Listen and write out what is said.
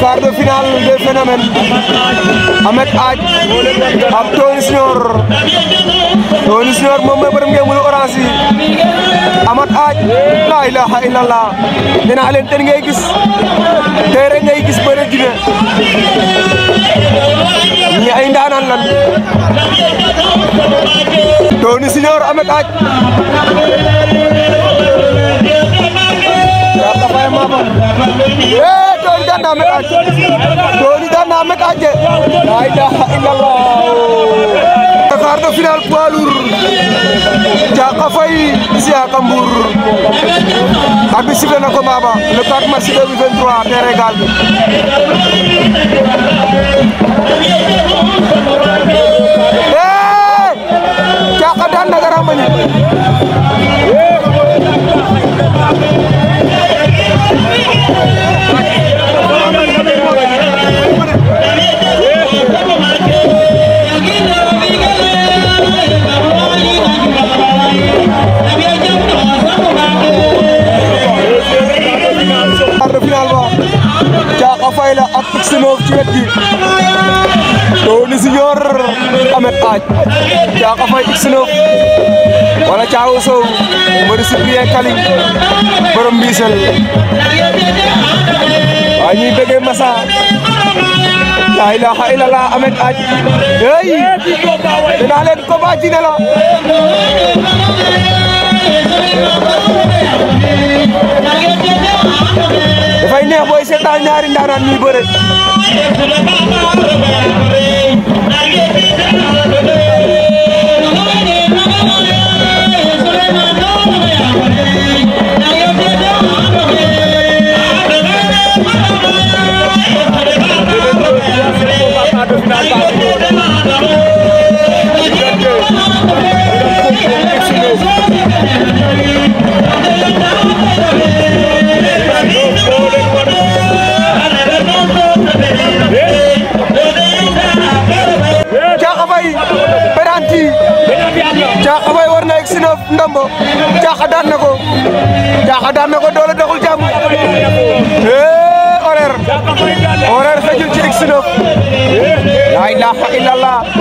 la de finale des phénomènes Tony Senior Tony Senior moom mooy borom ngeen mën a orange yi la ilaha illallah nee naa leen tey ngay gis tey rek gis bëre jine ñi ay Tony Senior Ahmed da namek aje doni da namek aje la ilaha illallah Jakarta final poids lourd Diaka Faye Siaka Mbour arbitre sifflé na ko baba le 4 mars 2023 terrain Gaal bi Caaka Faye la ak X9 ci wet gi Tony Junior Amet Aaj Caaka Faye X9 wala Caawu Sow Marie Cyprien Kali borom Mbissel waa ñuy bëggee Massa laa ilaaha illallah Amet Aaj ey dinaa leen ko baa jine waxtaan ñaari ndaanaan ñuy bëre Final ndombo jaaxa daan na ko jaaxa daan na ko doole doxul jàmm eh, horaire horaire fejul ci x9 la ilaha illallah